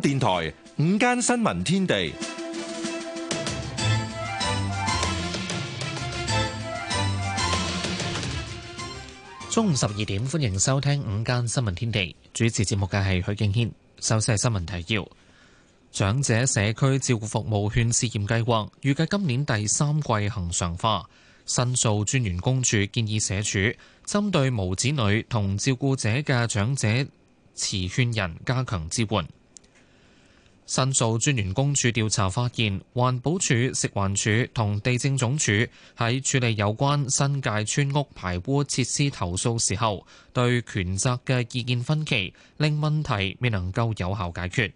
電台午間新聞天地，中午十二點歡迎收聽午間新聞天地。主持節目嘅係許敬軒。首先係新聞提要：長者社區照顧服務券試驗計劃預計今年第三季恒常化，申訴專員公署建議社署針對無子女同照顧者嘅長者持券人加強支援。申訴專員公署調查發現，環保署、食環署同地政總署喺處理有關新界村屋排污設施投訴時候，對權責嘅意見分歧，令問題未能夠有效解決。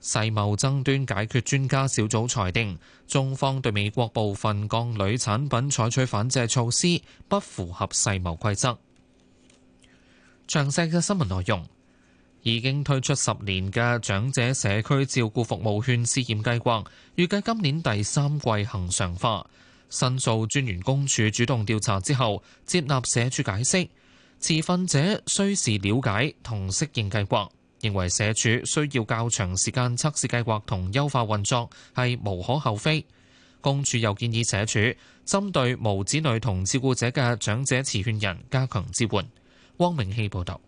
世貿爭端解決專家小組裁定，中方對美國部分鋼鋁產品採取反制措施，不符合世貿規則。詳細嘅新聞內容。已經推出十年嘅長者社區照顧服務券試驗計劃，預計今年第三季恒常化。申訴專員公署主動調查之後，接納社署解釋，持份者需時了解同適應計劃，認為社署需要較長時間測試計劃同優化運作係無可厚非。公署又建議社署針對無子女同照顧者嘅長者持券人加強支援。汪明希報導。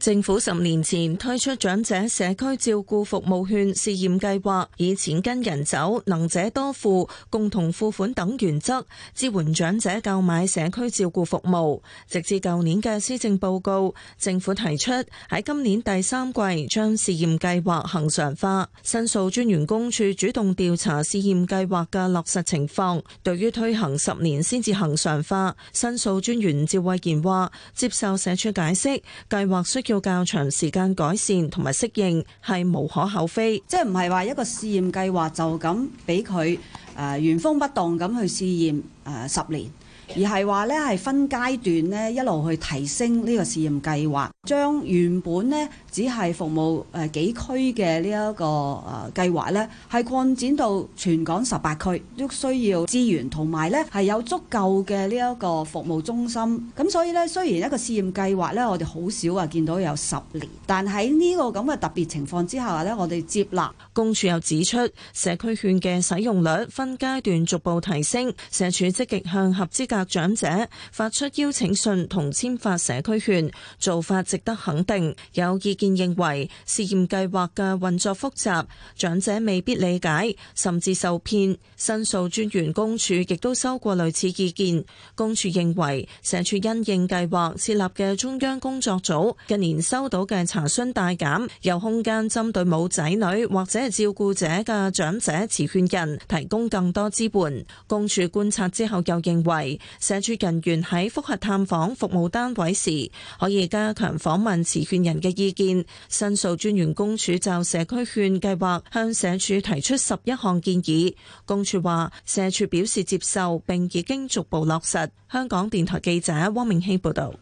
政府十年前推出長者社區照顧服務券試驗計劃，以錢跟人走、能者多付、共同付款等原則支援長者購買社區照顧服務。直至舊年嘅施政報告，政府提出喺今年第三季將試驗計劃恆常化。申訴專員公署主動調查試驗計劃嘅落實情況。對於推行十年先至恒常化，申訴專員趙慧賢話接受社署解釋，計劃需。要較長時間改善同埋適應係無可厚非，即係唔係話一個試驗計劃就咁俾佢誒原封不動咁去試驗誒十年。而係話咧，係分階段咧，一路去提升呢個試驗計劃，將原本咧只係服務誒幾區嘅呢一個誒計劃咧，係擴展到全港十八區，都需要資源同埋咧係有足夠嘅呢一個服務中心。咁所以咧，雖然一個試驗計劃咧，我哋好少啊見到有十年，但喺呢個咁嘅特別情況之下咧，我哋接納。公署又指出，社區券嘅使用率分階段逐步提升，社署積極向合資格長者發出邀請信同簽發社區券，做法值得肯定。有意見認為試驗計劃嘅運作複雜，長者未必理解，甚至受騙。申訴專員公署亦都收過類似意見。公署認為，社署因應計劃設立嘅中央工作組近年收到嘅查詢大減，有空間針對冇仔女或者照顧者嘅長者、持券人提供更多支援。公署觀察之後又認為，社署人員喺復合探訪服務單位時，可以加強訪問持券人嘅意見。申訴專員公署就社區券計劃向社署提出十一項建議。公署話，社署表示接受，並已經逐步落實。香港電台記者汪明希報道。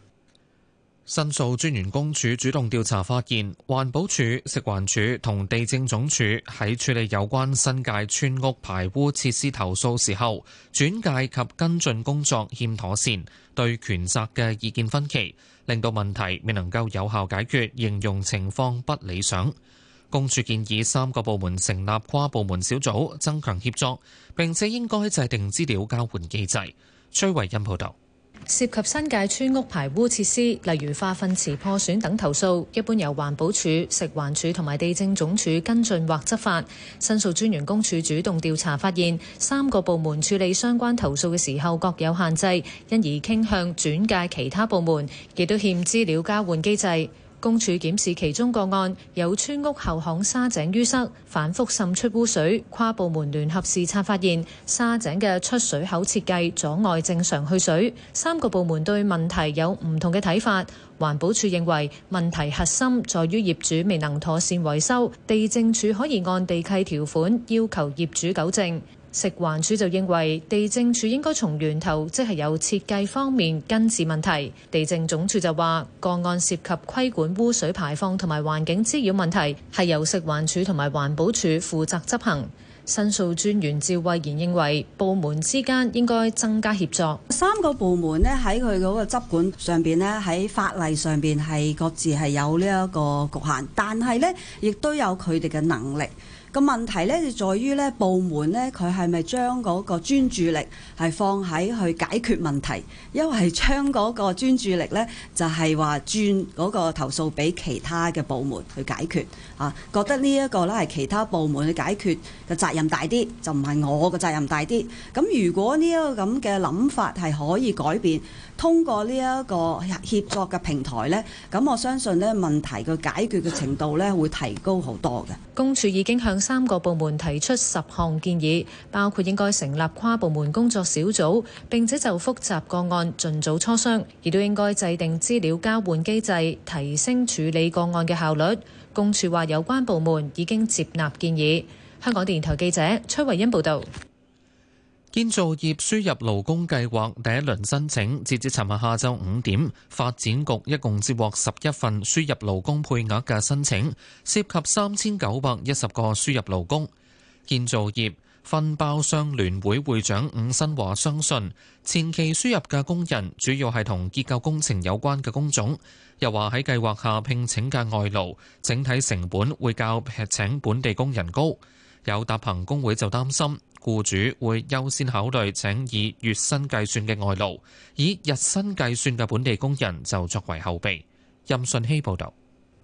申訴專員公署主動調查發現，環保署、食環署同地政總署喺處理有關新界村屋排污設施投訴時候，轉介及跟進工作欠妥善，對權責嘅意見分歧，令到問題未能夠有效解決，形容情況不理想。公署建議三個部門成立跨部門小組，增強協作，並且應該制定資料交換機制。崔偉欣報道。涉及新界村屋排污設施，例如化糞池破損等投訴，一般由環保署、食環署同埋地政總署跟進或執法。申訴專員公署主動調查發現，三個部門處理相關投訴嘅時候各有限制，因而傾向轉介其他部門，亦都欠資料交換機制。公署檢視其中個案，有村屋後巷沙井淤塞，反覆滲出污水。跨部門聯合視察發現，沙井嘅出水口設計阻礙正常去水。三個部門對問題有唔同嘅睇法。環保署認為問題核心在於業主未能妥善維修，地政署可以按地契條款要求業主糾正。食環署就認為地政署應該從源頭，即係有設計方面根治問題。地政總署就話個案涉及規管污水排放同埋環境滋擾問題，係由食環署同埋環保署負責執行。申訴專員趙慧賢認為部門之間應該增加協作。三個部門呢，喺佢嗰個執管上邊呢，喺法例上邊係各自係有呢一個局限，但係呢亦都有佢哋嘅能力。個問題咧就在於咧，部門咧佢係咪將嗰個專注力係放喺去解決問題，因為將嗰個專注力咧，就係話轉嗰個投訴俾其他嘅部門去解決啊。覺得呢一個咧係其他部門去解決嘅責任大啲，就唔係我嘅責任大啲。咁如果呢一個咁嘅諗法係可以改變，通過呢一個協作嘅平台咧，咁我相信咧問題嘅解決嘅程度咧會提高好多嘅。公署已經向三個部門提出十項建議，包括應該成立跨部門工作小組，並且就複雜個案盡早磋商，亦都應該制定資料交換機制，提升處理個案嘅效率。公署話有關部門已經接納建議。香港電台記者崔慧欣報道。建造業輸入勞工計劃第一輪申請，截至尋日下晝五點，發展局一共接獲十一份輸入勞工配額嘅申請，涉及三千九百一十個輸入勞工。建造業分包商聯會會長伍新華相信，前期輸入嘅工人主要係同結構工程有關嘅工種，又話喺計劃下聘請嘅外勞，整體成本會較聘請本地工人高。有搭棚工會就擔心。雇主會優先考慮請以月薪計算嘅外勞，以日薪計算嘅本地工人就作為後備。任信希報導，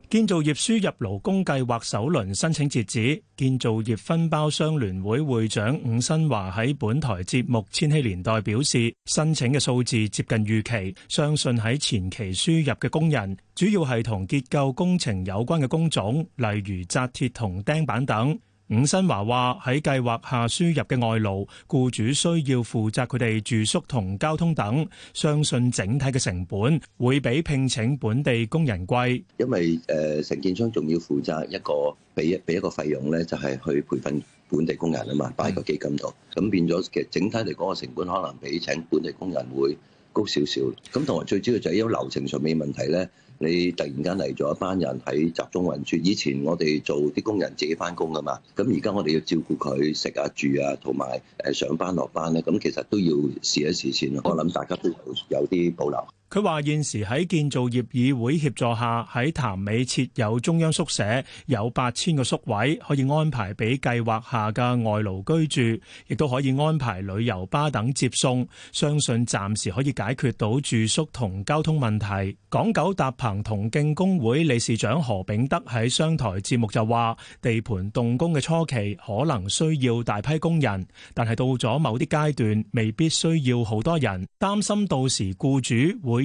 建造業輸入勞工計劃首輪申請截止，建造業分包商聯會會長伍新華喺本台節目《千禧年代》表示，申請嘅數字接近預期，相信喺前期輸入嘅工人主要係同結構工程有關嘅工種，例如紮鐵同釘板等。伍新華話喺計劃下輸入嘅外勞，僱主需要負責佢哋住宿同交通等，相信整體嘅成本會比聘請本地工人貴。因為誒，承、呃、建商仲要負責一個俾一俾一個費用咧，就係、是、去培訓本地工人啊嘛，擺個基金度，咁變咗其實整體嚟講個成本可能比請本地工人會高少少。咁同埋最主要就係一啲流程上面問題咧。你突然間嚟咗一班人喺集中運輸，以前我哋做啲工人自己返工㗎嘛，咁而家我哋要照顧佢食啊住啊，同埋誒上班落班咧，咁其實都要試一試先。我諗大家都有啲保留。佢話現時喺建造業議會協助下，喺潭尾設有中央宿舍，有八千個宿位可以安排俾計劃下嘅外勞居住，亦都可以安排旅遊巴等接送。相信暫時可以解決到住宿同交通問題。港九搭棚同敬工會理事長何炳德喺商台節目就話：地盤動工嘅初期可能需要大批工人，但係到咗某啲階段未必需要好多人，擔心到時僱主會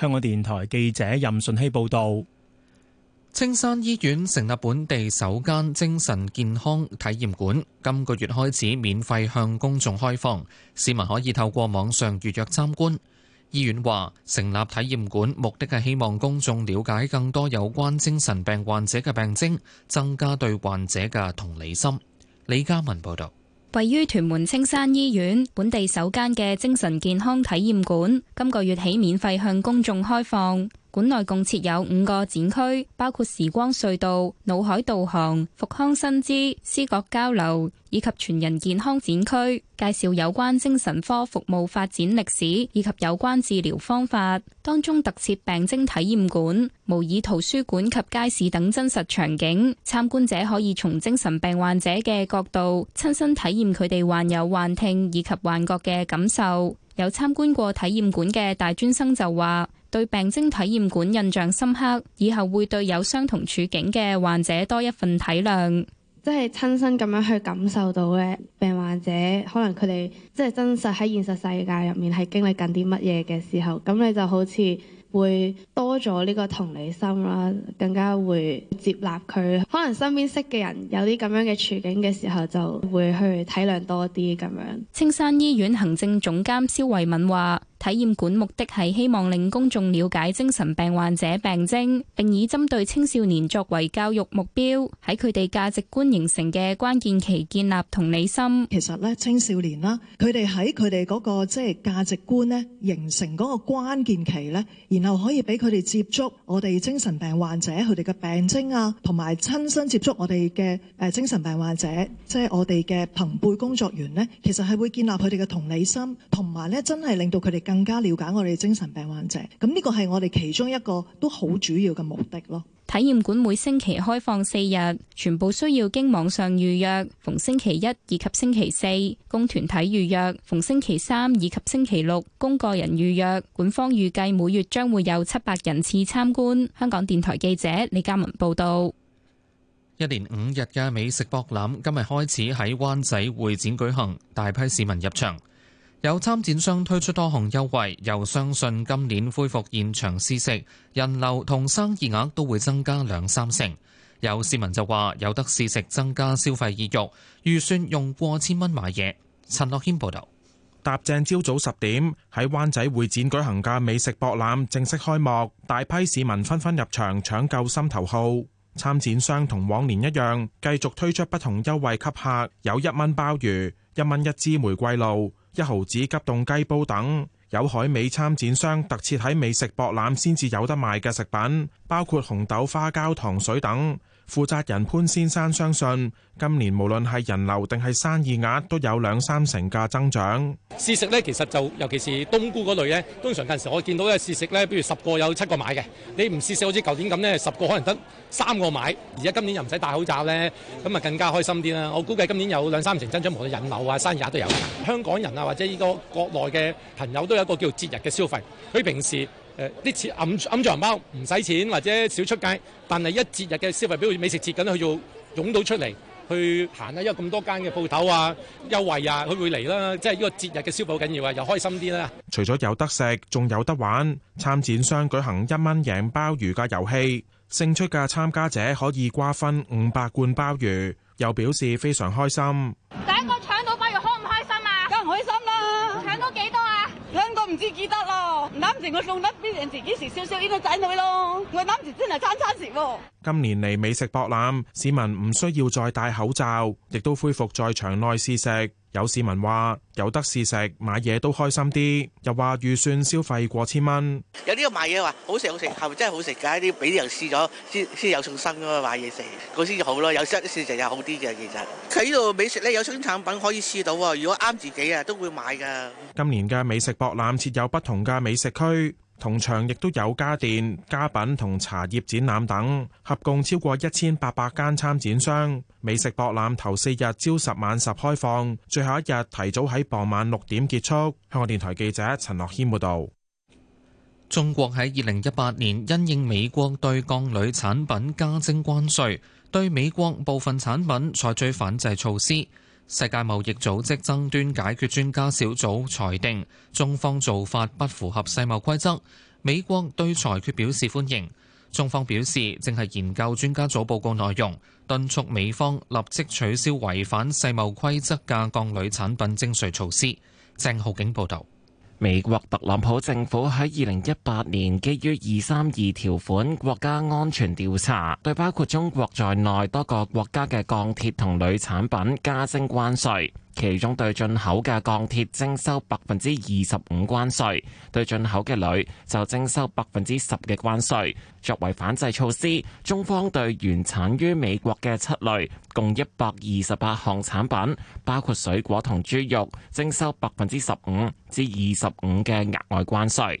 香港電台記者任順希報道，青山醫院成立本地首間精神健康體驗館，今個月開始免費向公眾開放。市民可以透過網上預約參觀。醫院話，成立體驗館目的係希望公眾了解更多有關精神病患者嘅病徵，增加對患者嘅同理心。李嘉文報道。位於屯門青山醫院，本地首間嘅精神健康體驗館，今個月起免費向公眾開放。館內共設有五個展區，包括時光隧道、腦海導航、復康新知、思覺交流以及全人健康展區，介紹有關精神科服務發展歷史以及有關治療方法。當中特設病徵體驗館、模擬圖書館及街市等真實場景，參觀者可以從精神病患者嘅角度親身體驗佢哋患有幻聽以及幻覺嘅感受。有參觀過體驗館嘅大專生就話。對病徵體驗館印象深刻，以後會對有相同處境嘅患者多一份體諒。即係親身咁樣去感受到咧，病患者可能佢哋即係真實喺現實世界入面係經歷緊啲乜嘢嘅時候，咁你就好似會多咗呢個同理心啦，更加會接納佢。可能身邊識嘅人有啲咁樣嘅處境嘅時候，就會去體諒多啲咁樣。青山醫院行政總監蕭慧敏話。體驗館目的係希望令公眾了解精神病患者病徵，並以針對青少年作為教育目標，喺佢哋價值觀形成嘅關鍵期建立同理心。其實咧，青少年啦，佢哋喺佢哋嗰個即係、就是、價值觀咧形成嗰個關鍵期咧，然後可以俾佢哋接觸我哋精神病患者佢哋嘅病徵啊，同埋親身接觸我哋嘅誒精神病患者，即係我哋嘅朋輩工作員咧，其實係會建立佢哋嘅同理心，同埋咧真係令到佢哋更加了解我哋精神病患者，咁呢個係我哋其中一個都好主要嘅目的咯。體驗館每星期開放四日，全部需要經網上預約。逢星期一以及星期四供團體預約，逢星期三以及星期六供個人預約，館方預計每月將會有七百人次參觀。香港電台記者李嘉文報道。一連五日嘅美食博覽今日開始喺灣仔會展舉行，大批市民入場。有參展商推出多項優惠，又相信今年恢復現場試食，人流同生意額都會增加兩三成。有市民就話有得試食，增加消費意慾，預算用過千蚊買嘢。陳樂謙報道。搭正朝早十點喺灣仔會展舉行嘅美食博覽正式開幕，大批市民紛紛入場搶購心頭號參展商同往年一樣繼續推出不同優惠給客，有一蚊鮑魚、一蚊一支玫瑰露，一毫子急凍雞煲等，有海味參展商特設喺美食博覽先至有得賣嘅食品，包括紅豆花膠、糖水等。負責人潘先生相信，今年無論係人流定係生意額都有兩三成嘅增長。試食呢，其實就尤其是冬菇嗰類呢，通常近時我見到嘅試食呢，比如十個有七個買嘅。你唔試食好似舊年咁呢，十個可能得三個買。而家今年又唔使戴口罩呢，咁啊更加開心啲啦。我估計今年有兩三成增長，無論人流啊生意額都有。香港人啊，或者呢個國內嘅朋友都有一個叫做節日嘅消費，佢平時。誒啲、嗯嗯、錢揞住銀包唔使錢，或者少出街，但係一節日嘅消費表美食節咁咧，佢就湧到出嚟去行啦。因為咁多間嘅鋪頭啊，優惠啊，佢會嚟啦。即係呢個節日嘅消費好緊要啊，又開心啲啦。除咗有得食，仲有得玩。參展商舉行一蚊贏鮑魚嘅遊戲，勝出嘅參加者可以瓜分五百罐鮑魚，又表示非常開心。今年嚟美食博覽，市民唔需要再戴口罩，亦都恢復在場內試食。有市民話：有得試食，買嘢都開心啲。又話預算消費過千蚊。有啲個買嘢話好食好食，係咪真係好食㗎？啲俾啲人試咗先先有信心咯，買嘢食，嗰先就好咯。有得試食又好啲嘅，其實佢呢度美食咧有新產品可以試到喎。如果啱自己啊，都會買㗎。今年嘅美食博覽設有不同嘅美食區。同場亦都有家電、家品同茶葉展覽等，合共超過一千八百間參展商。美食博覽頭四日朝十晚十開放，最後一日提早喺傍晚六點結束。香港電台記者陳樂謙報道。中國喺二零一八年因應美國對鋼鋁產品加徵關稅，對美國部分產品採取反制措施。世界貿易組織爭端解決專家小組裁定，中方做法不符合世貿規則。美國對裁決表示歡迎，中方表示正係研究專家組報告內容，敦促美方立即取消違反世貿規則嘅鋼鋁產品徵稅措施。鄭浩景報道。美國特朗普政府喺二零一八年基於二三二條款國家安全調查，對包括中國在內多個國家嘅鋼鐵同鋁產品加徵關稅。其中對進口嘅鋼鐵徵收百分之二十五關稅，對進口嘅鋁就徵收百分之十嘅關稅。作為反制措施，中方對原產於美國嘅七類共一百二十八項產品，包括水果同豬肉，徵收百分之十五至二十五嘅額外關稅。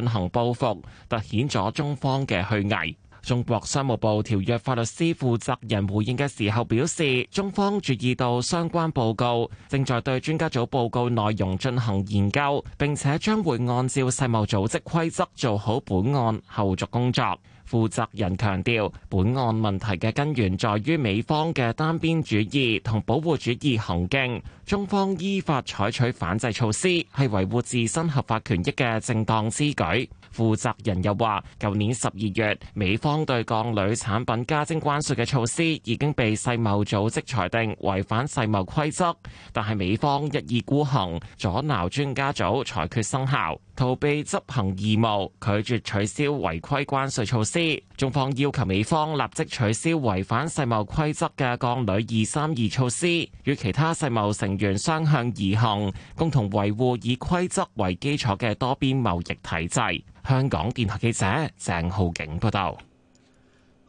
進行報復，凸顯咗中方嘅虛偽。中國商務部條約法律司負責人回應嘅時候表示，中方注意到相關報告，正在對專家組報告內容進行研究，並且將會按照世貿組織規則做好本案後續工作。負責人強調，本案問題嘅根源在於美方嘅單邊主義同保護主義行徑。中方依法採取反制措施，係維護自身合法權益嘅正當之舉。負責人又話，舊年十二月，美方對鋼鋁產品加徵關稅嘅措施已經被世貿組織裁定違反世貿規則，但係美方一意孤行，阻撓專家組裁決生效，逃避執行義務，拒絕取消違規關稅措施。中方要求美方立即取消違反世貿規則嘅鋼鋁二三二措施，與其他世貿成願相向而行，共同維護以規則為基礎嘅多邊貿易體制。香港電台記者鄭浩景報道。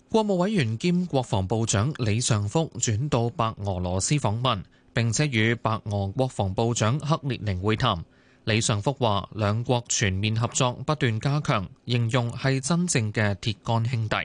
國務委員兼國防部長李尚福轉到白俄羅斯訪問，並且與白俄國防部長克列寧會談。李尚福話兩國全面合作不斷加強，形容係真正嘅鐵桿兄弟。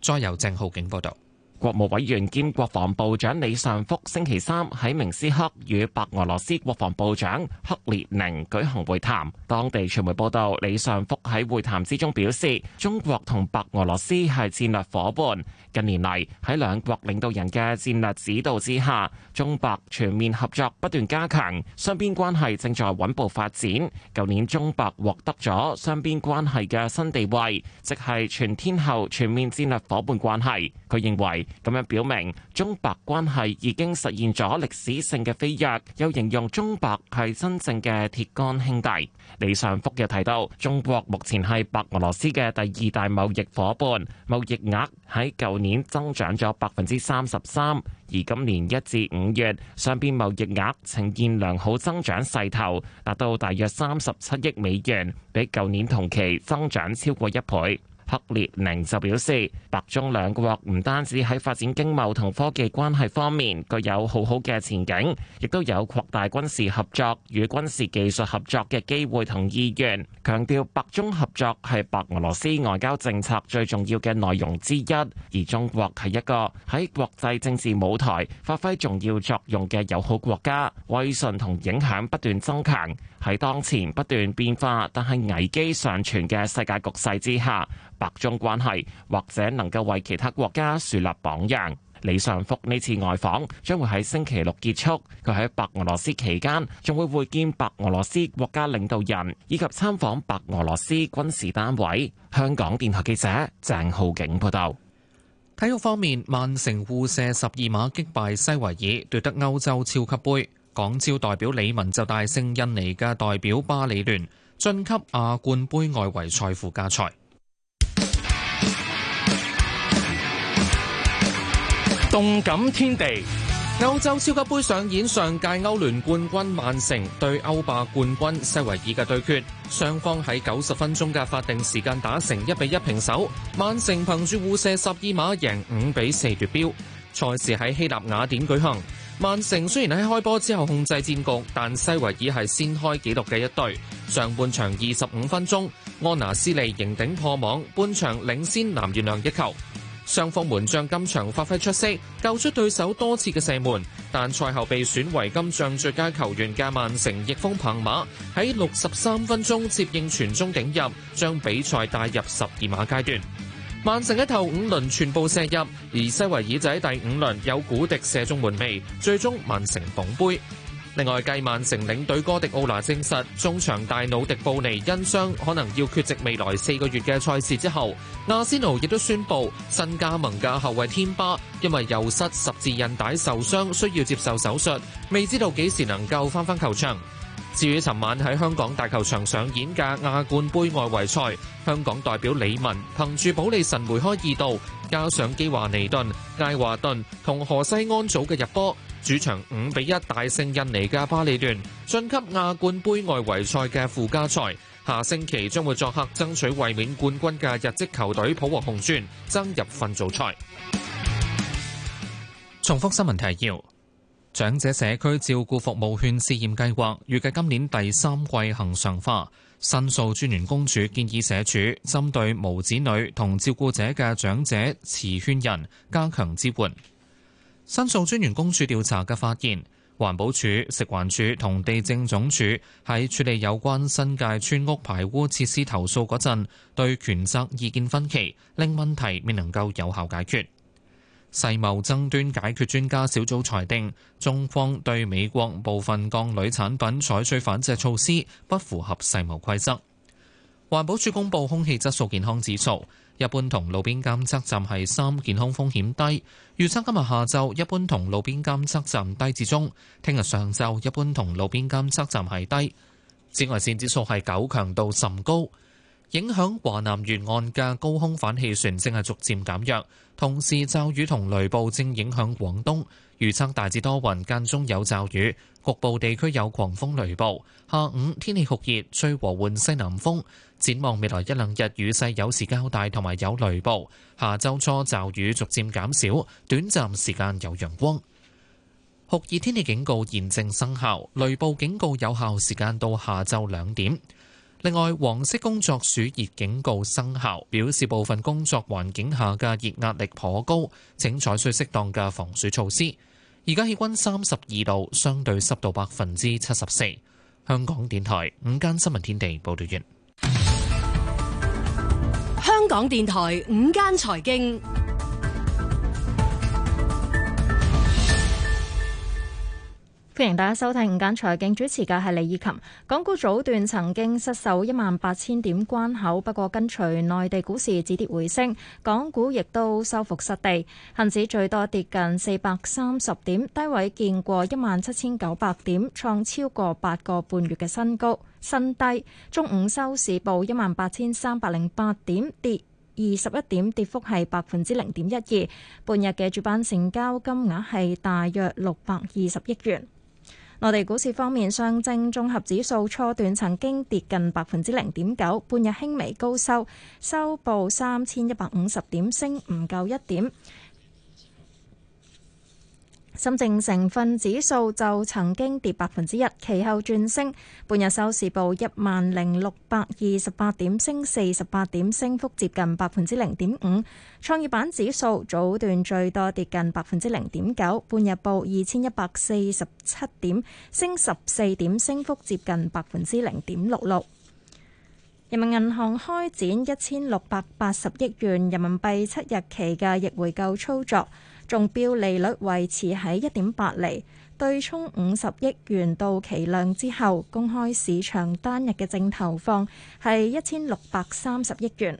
再由鄭浩景報道。國務委員兼國防部長李尚福星期三喺明斯克與白俄羅斯國防部長克列寧舉行會談。當地傳媒報道，李尚福喺會談之中表示，中國同白俄羅斯係戰略伙伴。近年嚟喺兩國領導人嘅戰略指導之下，中白全面合作不斷加強，雙邊關係正在穩步發展。舊年中白獲得咗雙邊關係嘅新地位，即係全天候全面戰略伙伴關係。佢認為，咁樣表明中白關係已經實現咗歷史性嘅飛躍，又形容中白係真正嘅鐵杆兄弟。李尚福又提到，中國目前係白俄羅斯嘅第二大貿易伙伴，貿易額喺舊年增長咗百分之三十三，而今年一至五月，雙邊貿易額呈現良好增長勢頭，達到大約三十七億美元，比舊年同期增長超過一倍。克列寧就表示，白中兩國唔單止喺發展經貿同科技關係方面具有好好嘅前景，亦都有擴大軍事合作與軍事技術合作嘅機會同意願，強調白中合作係白俄羅斯外交政策最重要嘅內容之一，而中國係一個喺國際政治舞台發揮重要作用嘅友好國家，威信同影響不斷增強。喺當前不斷變化但係危機尚存嘅世界局勢之下，白中關係或者能夠為其他國家樹立榜樣。李尚福呢次外訪將會喺星期六結束，佢喺白俄羅斯期間仲會會見白俄羅斯國家領導人以及參訪白俄羅斯軍事單位。香港電台記者鄭浩景報道。體育方面，曼城互射十二碼擊敗西維爾奪得歐洲超級杯。港超代表李文就大勝印尼嘅代表巴里聯，晉級亞冠盃外圍賽附加賽。動感天地，歐洲超級盃上演上屆歐聯冠軍曼城對歐霸冠軍西維爾嘅對決，雙方喺九十分鐘嘅法定時間打成一比一平手，曼城憑住互射十二碼贏五比四奪標。賽事喺希臘雅典舉行。曼城雖然喺開波之後控制戰局，但西維爾係先開紀錄嘅一隊。上半場二十五分鐘，安娜斯利迎頂破網，半場領先藍月亮一球。雙方門將今場發揮出色，救出對手多次嘅射門，但賽後被選為今場最佳球員嘅曼城翼鋒彭馬喺六十三分鐘接應傳中頂入，將比賽帶入十二碼階段。曼城一頭五輪全部射入，而西維爾就喺第五輪有古迪射中門楣，最終曼城捧杯。另外，繼曼城領隊哥迪奧拿證實，中場大腦迪布尼因傷可能要缺席未來四個月嘅賽事之後，阿仙奴亦都宣布新加盟嘅後衛添巴因為右膝十字韌帶受傷，需要接受手術，未知道幾時能夠翻返球場。至於尋晚喺香港大球場上演嘅亞冠杯外圍賽，香港代表李文憑住保利神梅開二度，加上基華尼頓、艾華頓同何西安組嘅入波，主場五比一大勝印尼加巴里聯，晉級亞冠杯外圍賽嘅附加賽，下星期將會作客爭取衛冕冠軍嘅日職球隊浦和紅鑽，爭入分組賽。重複新聞提要。長者社區照顧服務券試驗計劃預計今年第三季恒常化。申訴專員公署建議社署針對無子女同照顧者嘅長者持券人加強支援。申訴專員公署調查嘅發現，環保署、食環署同地政總署喺處理有關新界村屋排污設施投訴嗰陣，對權責意見分歧，令問題未能夠有效解決。世貿爭端解決專家小組裁定，中方對美國部分鋼鋁產品採取反制措施不符合世貿規則。環保署公布空氣質素健康指數，一般同路邊監測站係三，健康風險低。預測今日下晝一般同路邊監測站低至中，聽日上晝一般同路邊監測站係低。紫外線指數係九，強度甚高。影響華南沿岸嘅高空反氣旋正係逐漸減弱，同時驟雨同雷暴正影響廣東。預測大致多雲，間中有驟雨，局部地區有狂風雷暴。下午天氣酷熱，吹和緩西南風。展望未來一兩日雨勢有時較大，同埋有雷暴。下周初驟雨逐漸減少，短暫時間有陽光。酷熱天氣警告現正生效，雷暴警告有效時間到下晝兩點。另外，黃色工作暑熱警告生效，表示部分工作環境下嘅熱壓力頗高，請採取適當嘅防暑措施。而家氣温三十二度，相對濕度百分之七十四。香港電台午間新聞天地，報道完。香港電台午間財經。歡迎大家收聽《午間財經》，主持嘅係李以琴。港股早段曾經失守一萬八千點關口，不過跟隨內地股市止跌回升，港股亦都收復失地。恒指最多跌近四百三十點，低位見過一萬七千九百點，創超過八個半月嘅新高新低。中午收市報一萬八千三百零八點，跌二十一點，跌幅係百分之零點一二。半日嘅主板成交金額係大約六百二十億元。內地股市方面，上證綜合指數初段曾經跌近百分之零點九，半日輕微高收，收報三千一百五十點，升唔夠一點。深證成分指數就曾經跌百分之一，其後轉升，半日收市報一萬零六百二十八點，升四十八點，升幅接近百分之零點五。創業板指數早段最多跌近百分之零點九，半日報二千一百四十七點，升十四點，升幅接近百分之零點六六。人民銀行開展一千六百八十億元人民幣七日期嘅逆回購操作。中標利率維持喺一點八厘，對沖五十億元到期量之後，公開市場單日嘅淨投放係一千六百三十億元。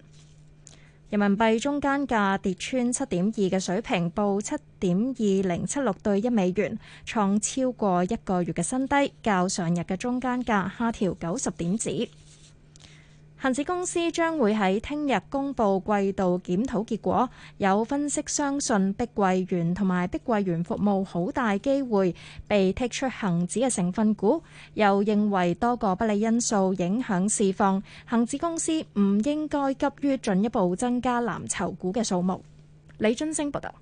人民幣中間價跌穿七點二嘅水平，報七點二零七六對一美元，創超過一個月嘅新低，較上日嘅中間價下調九十點子。恒指公司將會喺聽日公布季度檢討結果，有分析相信碧桂園同埋碧桂園服務好大機會被剔出恒指嘅成分股，又認為多個不利因素影響市況，恒指公司唔應該急於進一步增加藍籌股嘅數目。李津升報道。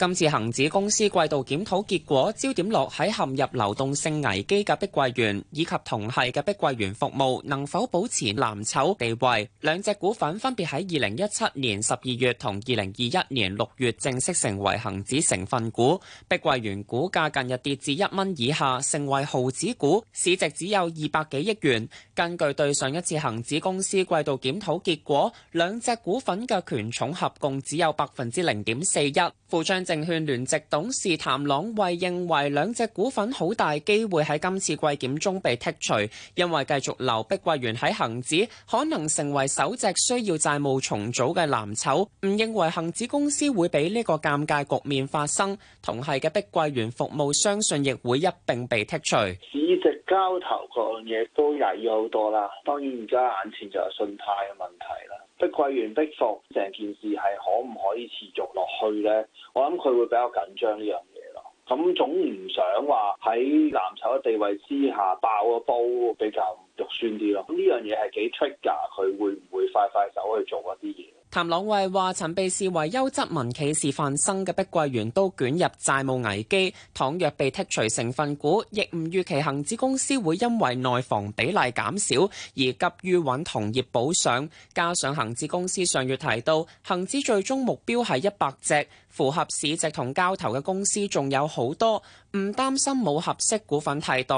今次恆指公司季度檢討結果，焦點落喺陷入流動性危機嘅碧桂園以及同係嘅碧桂園服務能否保持藍籌地位。兩隻股份分別喺二零一七年十二月同二零二一年六月正式成為恆指成分股。碧桂園股價近日跌至一蚊以下，成為毫子股，市值只有二百幾億元。根據對上一次恆指公司季度檢討結果，兩隻股份嘅權重合共只有百分之零點四一，附將。證券聯席董事譚朗衛認為兩隻股份好大機會喺今次季檢中被剔除，因為繼續留碧桂園喺恒指，可能成為首隻需要債務重組嘅藍籌。唔認為恒指公司會俾呢個尷尬局面發生，同係嘅碧桂園服務相信亦會一併被剔除。市值交投個樣嘢都曳咗好多啦，當然而家眼前就係信貸嘅問題啦。碧桂園逼服，成件事係可唔可以持續落去咧？我諗佢會比較緊張呢樣嘢咯。咁總唔想話喺藍籌嘅地位之下爆個煲，比較肉酸啲咯。咁呢樣嘢係幾 trigger，佢會唔會快快手去做一啲嘢？譚朗慧話：曾被視為優質民企示範生嘅碧桂園都捲入債務危機，倘若被剔除成分股，亦唔預期恆指公司會因為內房比例減少而急於搵同業補償。加上恆指公司上月提到，恆指最終目標係一百隻。符合市值同交投嘅公司仲有好多，唔擔心冇合適股份替代。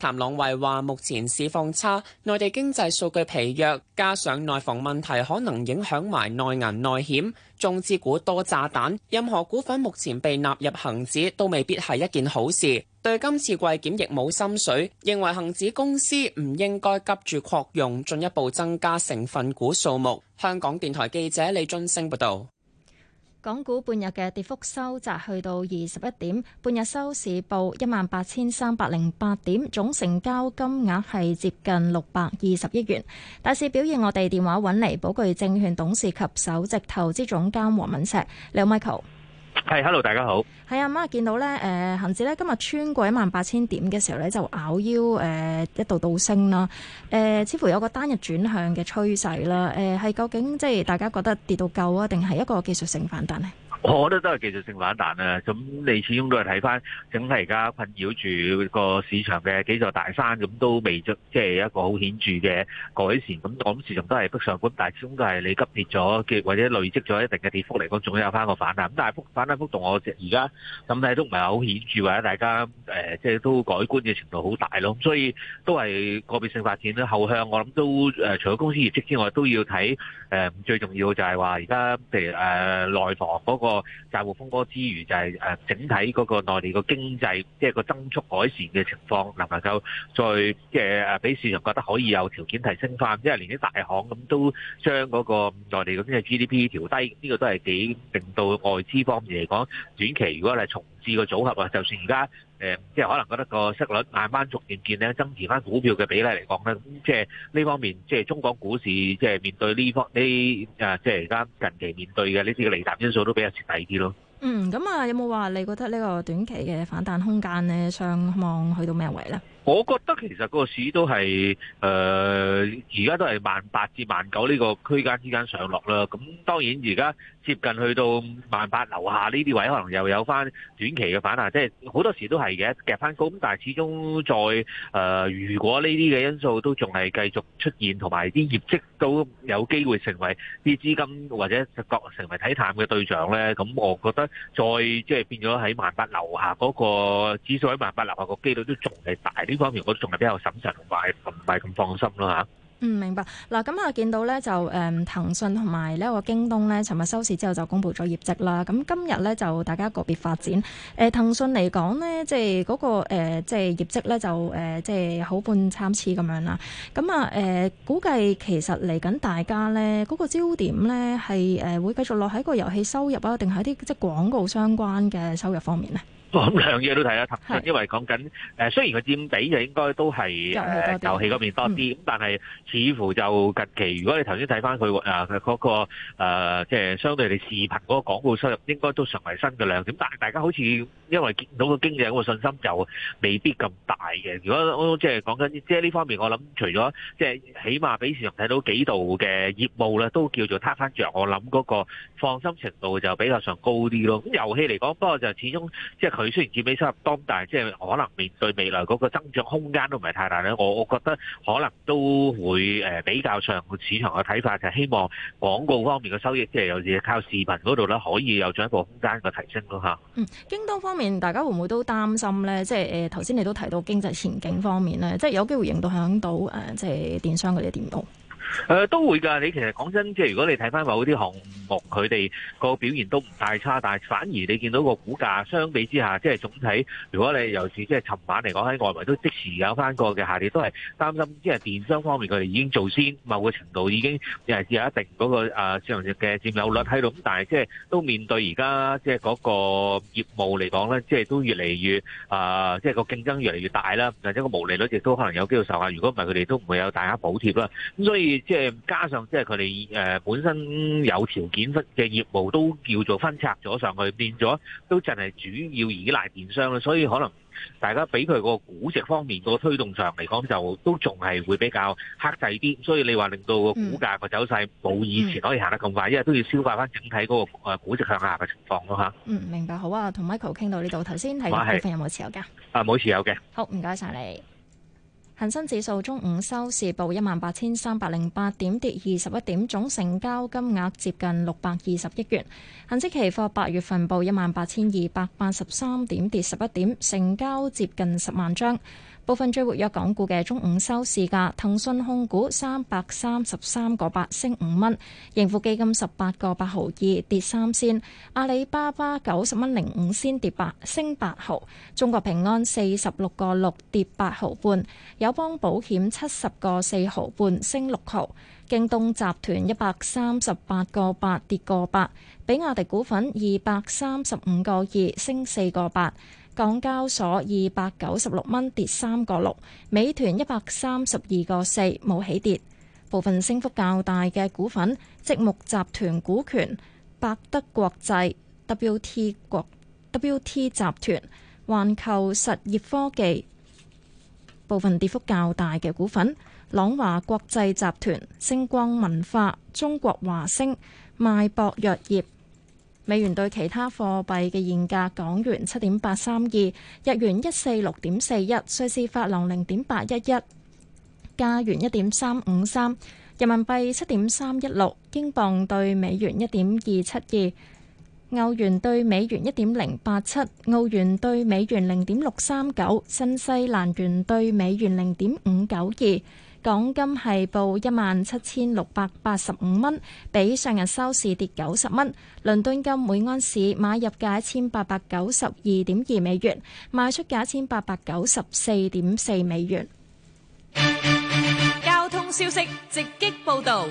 譚朗維話：目前市況差，內地經濟數據疲弱，加上內房問題可能影響埋內銀內險，中資股多炸彈。任何股份目前被納入恆指都未必係一件好事。對今次季檢亦冇心水，認為恆指公司唔應該急住擴容，進一步增加成份股數目。香港電台記者李津升報道。港股半日嘅跌幅收窄，去到二十一點。半日收市報一萬八千三百零八點，總成交金額係接近六百二十億元。大市表現，我哋電話揾嚟，寶具證券董事及首席投資總監黃敏石，你好，Michael。係，hello，大家好。係啊，咁啊，見到咧，誒、呃，恒指咧今日穿過一萬八千點嘅時候咧，就咬腰，誒、呃，一度倒升啦，誒、呃，似乎有個單日轉向嘅趨勢啦，誒、呃，係究竟即係大家覺得跌到夠啊，定係一個技術性反彈咧？我覺得都係技術性反彈啊！咁你始終都係睇翻整體而家困擾住個市場嘅幾座大山，咁都未即即係一個好顯著嘅改善。咁我諗始終都係北上，咁但係始終都係你急跌咗嘅，或者累積咗一定嘅跌幅嚟講，仲有翻個反彈。咁但係幅反彈幅度，我而家咁睇都唔係好顯著，或者大家誒即係都改觀嘅程度好大咯。咁所以都係個別性發展啦。後向我諗都誒，除咗公司業績之外，都要睇誒最重要就係話而家譬如誒內房嗰個。個債務風波之餘，就係誒整體嗰個內地個經濟，即係個增速改善嘅情況，能唔能夠再即係誒，俾市場覺得可以有條件提升翻，因為連啲大行咁，都將嗰個內地嗰啲嘅 GDP 調低，呢個都係幾令到外資方面嚟講，短期如果嚟重置個組合啊，就算而家。誒，即係可能覺得個息率慢慢逐漸見咧，增持翻股票嘅比例嚟講咧，即係呢方面，即係中港股市，即係面對呢方呢啊，即係而家近期面對嘅呢啲利淡因素都比較徹底啲咯。嗯，咁啊，有冇話你覺得呢個短期嘅反彈空間咧，上望去到咩位咧？我覺得其實個市都係誒而家都係萬八至萬九呢個區間之間上落啦。咁當然而家接近去到萬八樓下呢啲位，可能又有翻短期嘅反彈，即係好多時都係嘅夾翻高。咁但係始終再誒，如果呢啲嘅因素都仲係繼續出現，同埋啲業績都有機會成為啲資金或者實覺成為睇淡嘅對象呢。咁我覺得再即係變咗喺萬八樓下嗰個指數喺萬八樓下個機率都仲係大啲。呢方面我仲係比較審慎，同埋唔係咁放心啦吓，嗯，明白。嗱，咁啊，見到咧就誒、呃、騰訊同埋呢個京東咧，尋日收市之後就公布咗業績啦。咁今日咧就大家個別發展。誒、呃、騰訊嚟講咧，即係嗰、那個、呃、即係業績咧就誒、呃、即係好半參差咁樣啦。咁啊誒，估計其實嚟緊大家咧嗰、那個焦點咧係誒會繼續落喺個遊戲收入啊，定係啲即係廣告相關嘅收入方面呢？兩嘢都睇啦，騰訊因為講緊誒，雖然佢佔比就應該都係誒遊戲嗰邊多啲，咁、嗯、但係似乎就近期，如果你頭先睇翻佢啊嗰個誒，即、啊、係、啊就是、相對你視頻嗰個廣告收入，應該都成為新嘅亮點。但係大家好似因為見到個經濟嗰個信心就未必咁大嘅。如果即係、嗯就是、講緊即係呢方面我，我諗除咗即係起碼俾市場睇到幾度嘅業務咧，都叫做撐翻著。我諗嗰個放心程度就比較上高啲咯。咁遊戲嚟講，不過就始終即係佢。就是佢雖然佔比收入多，但係即係可能面對未來嗰個增長空間都唔係太大咧。我我覺得可能都會誒比較上個市場嘅睇法，就係、是、希望廣告方面嘅收益，即係有時靠視頻嗰度咧，可以有進一步空間嘅提升咯嚇。嗯，京東方面，大家會唔會都擔心咧？即係誒頭先你都提到經濟前景方面咧，即係有機會影響到誒、呃、即係電商嗰啲點數？誒、嗯、都會㗎，你其實講真，即係如果你睇翻某啲項目，佢哋個表現都唔太差，但係反而你見到個股價相比之下，即係總體，如果你尤其即係尋晚嚟講喺外圍都即時有翻個嘅下跌，都係擔心，即係電商方面佢哋已經做先，某個程度已經又係有一定嗰、那個誒、呃、市場嘅佔有率喺度，咁但係即係都面對而家即係嗰個業務嚟講咧，即係都越嚟越誒、呃，即係個競爭越嚟越大啦，咁啊一個毛利率亦都可能有機會受壓，如果唔係佢哋都唔會有大額補貼啦，咁所以。即係加上即，即係佢哋誒本身有條件嘅業務都叫做分拆咗上去，變咗都淨係主要依賴電商啦。所以可能大家俾佢個估值方面個推動上嚟講，就都仲係會比較克制啲。所以你話令到個股價嘅走勢冇以前可以行得咁快，嗯嗯、因為都要消化翻整體嗰個估值向下嘅情況咯吓，嗯，明白好啊，同 Michael 傾到呢度。頭先睇到股份有冇持有噶？啊，冇持有嘅。好，唔該晒你。恒生指數中午收市報一萬八千三百零八點，跌二十一點，總成交金額接近六百二十億元。恒指期貨八月份報一萬八千二百八十三點，跌十一點，成交接近十萬張。部分追活躍港股嘅中午收市價，騰訊控股三百三十三個八升五蚊，盈富基金十八個八毫二跌三仙，阿里巴巴九十蚊零五仙跌八升八毫，中國平安四十六個六跌八毫半，友邦保險七十個四毫半升六毫，京東集團一百三十八個八跌個八，比亞迪股份二百三十五個二升四個八。港交所二百九十六蚊跌三個六，美團一百三十二個四冇起跌。部分升幅較大嘅股份，積木集團股權百德國際 W T 國 W T 集團環球實業科技。部分跌幅較大嘅股份，朗華國際集團星光文化、中國華星、麥博藥業。美元兌其他貨幣嘅現價：港元七點八三二，日元一四六點四一，瑞士法郎零點八一一，加元一點三五三，人民幣七點三一六，英鎊對美元一點二七二，歐元對美元一點零八七，澳元對美元零點六三九，新西蘭元對美元零點五九二。港金係報一萬七千六百八十五蚊，比上日收市跌九十蚊。倫敦金每安士買入價一千八百九十二點二美元，賣出價一千八百九十四點四美元。交通消息直擊報道。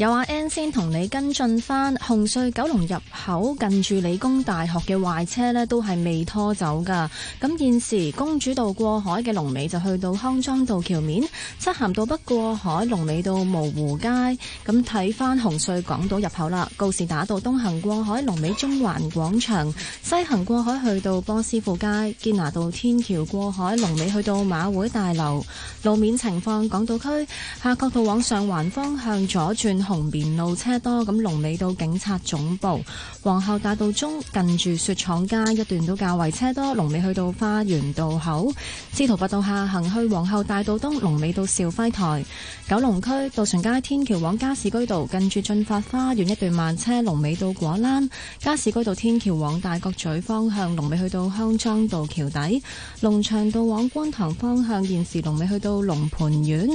有阿 N 先同你跟進翻紅隧九龍入口近住理工大學嘅壞車呢，都係未拖走㗎。咁現時公主道過海嘅龍尾就去到康莊道橋面，漆咸道北過海龍尾到蕪湖街。咁睇翻紅隧港島入口啦，告士打道東行過海龍尾中環廣場，西行過海去到波斯富街，堅拿道天橋過海龍尾去到馬會大樓。路面情況，港島區夏慤道往上環方向左轉。紅棉路車多，咁龍尾到警察總部；皇后大道中近住雪廠街一段都較為車多，龍尾去到花園道口；司徒拔道下行去皇后大道東，龍尾到兆輝台；九龍區渡船街天橋往加士居道，近住駿發花園一段慢車，龍尾到果欄；加士居道天橋往大角咀方向，龍尾去到康莊道橋底；龍翔道往觀塘方向，現時龍尾去到龍蟠苑；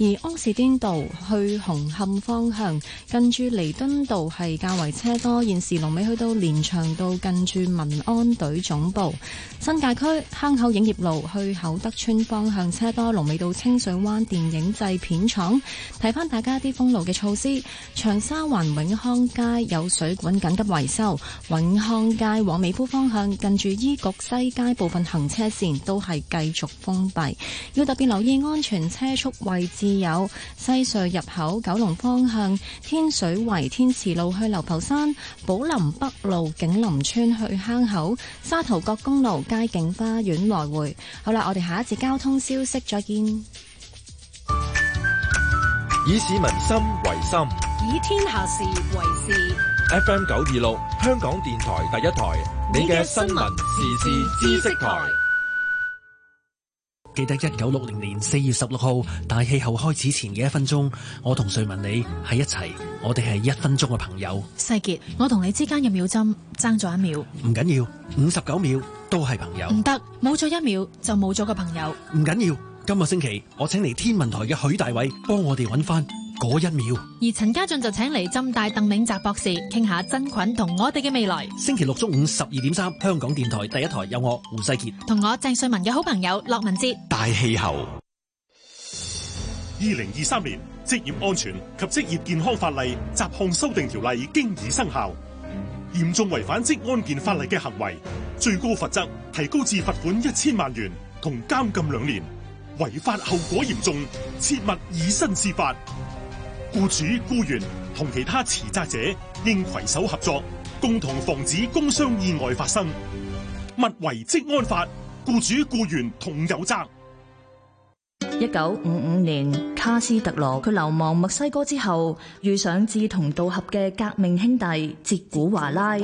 而柯士甸道去紅磡方向，近住彌敦道係較為車多，現時龍尾去到連翔道近住民安隊總部。新界區坑口影業路去厚德村方向車多，龍尾到清水灣電影製片廠。睇翻，大家啲封路嘅措施。長沙灣永康街有水管緊急維修，永康街往美孚方向近住醫局西街部分行車線都係繼續封閉，要特別留意安全車速位置，有西隧入口九龍方向，向天水圍天慈路去流浮山、寶林北路景林村去坑口、沙頭角公路佳景花園來回。好啦，我哋下一節交通消息再見。以市民心為心，以天下事為事，FM926 香港電台第一台，你嘅新聞時事知識台。記得一九六零年四月十六號大氣候開始前嘅一分鐘，我同瑞文你喺一齊。我哋係一分鐘嘅朋友。世杰，我同你之間嘅秒針爭咗一秒，唔緊要，五十九秒都係朋友。唔得，冇咗一秒就冇咗個朋友。唔緊要，今個星期我請嚟天文台嘅許大偉幫我哋揾翻。嗰一秒，而陳家俊就請嚟浸大鄧穎澤博士傾下真菌同我哋嘅未來。星期六中午十二點三，3, 香港電台第一台，第一台有我胡世杰，同我鄭瑞文嘅好朋友駱文哲。大氣候，二零二三年職業安全及職業健康法例雜項修訂條例經已生效，嚴重違反職安健法例嘅行為，最高罰則提高至罰款一千萬元同監禁兩年。違法後果嚴重，切勿以身試法。雇主、雇員同其他持責者應攜手合作，共同防止工傷意外發生。勿違職安法，雇主雇員同有責。一九五五年，卡斯特羅佢流亡墨西哥之後，遇上志同道合嘅革命兄弟，捷古華拉。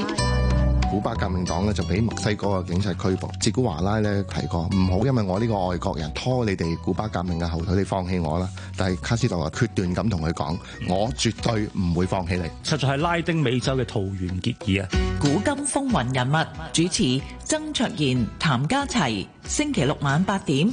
古巴革命黨咧就俾墨西哥嘅警察拘捕。捷古華拉咧提過唔好因為我呢個外國人拖你哋古巴革命嘅後腿，你放棄我啦。但係卡斯特羅決斷咁同佢講，我絕對唔會放棄你。實在係拉丁美洲嘅桃園結義啊！古今風雲人物主持曾卓然、譚家齊，星期六晚八點。